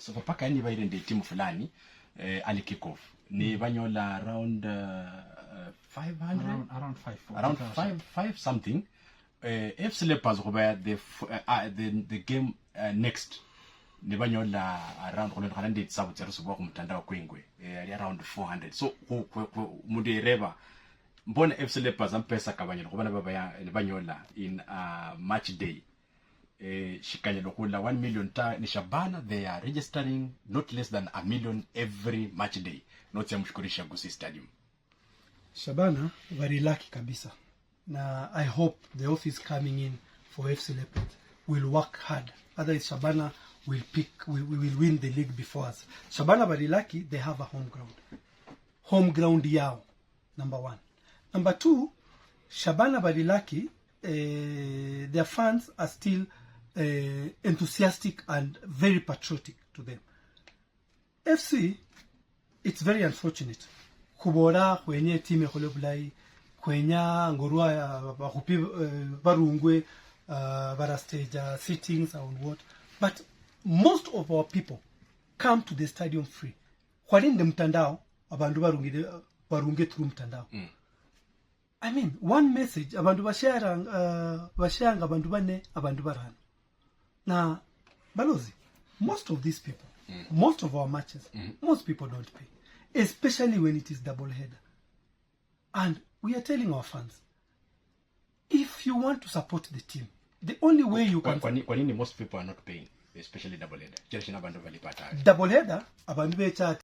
Sofapaka yani bairende timu fulani eh, ali kick off ni banyola around uh, eh, 500 eh, around, around 5 around 5 5 something eh, uh, FC Leopards ba the, uh, the the game uh, next ni banyola around kule kana ndi tsabu so subwa go mutanda wa kwengwe ali around 400 so go mo mudireva mbona FC Leopards ampesa ka kabanyana kubana ba ya banyola in uh, ah, match day eh, shikanyelo kula 1 million ta ni Shabana, they are registering not less than a million every match day. Not ya mshukurisha gusi Stadium. Shabana very lucky kabisa na I hope the office coming in for FC leopard will work hard, is Shabana will pick we we will win the league before us. Shabana very lucky they have a home ground, home ground yao number one. Number two, Shabana very lucky eh, their fans are still Eh, enthusiastic and very patriotic to them. FC it's very unfortunate khubora khwenye timu ekhole bulayi khwenya ngorwa bakhupi eh, barungwe eh, barasteja uh, sittings and what but most of our people come to the stadium free khwalinde mtandao abantu barungire barunge through mtandao mm. i mean one message abantu bashare uh, bashanga abantu bane abantu barano na balozi, most of these people mm. most of our matches mm. most people don't pay especially when it is double header and we are telling our fans if you want to support the team the only way you can kwa, kwa nini most people are not paying especially double header chelsea valipata double header abantu becha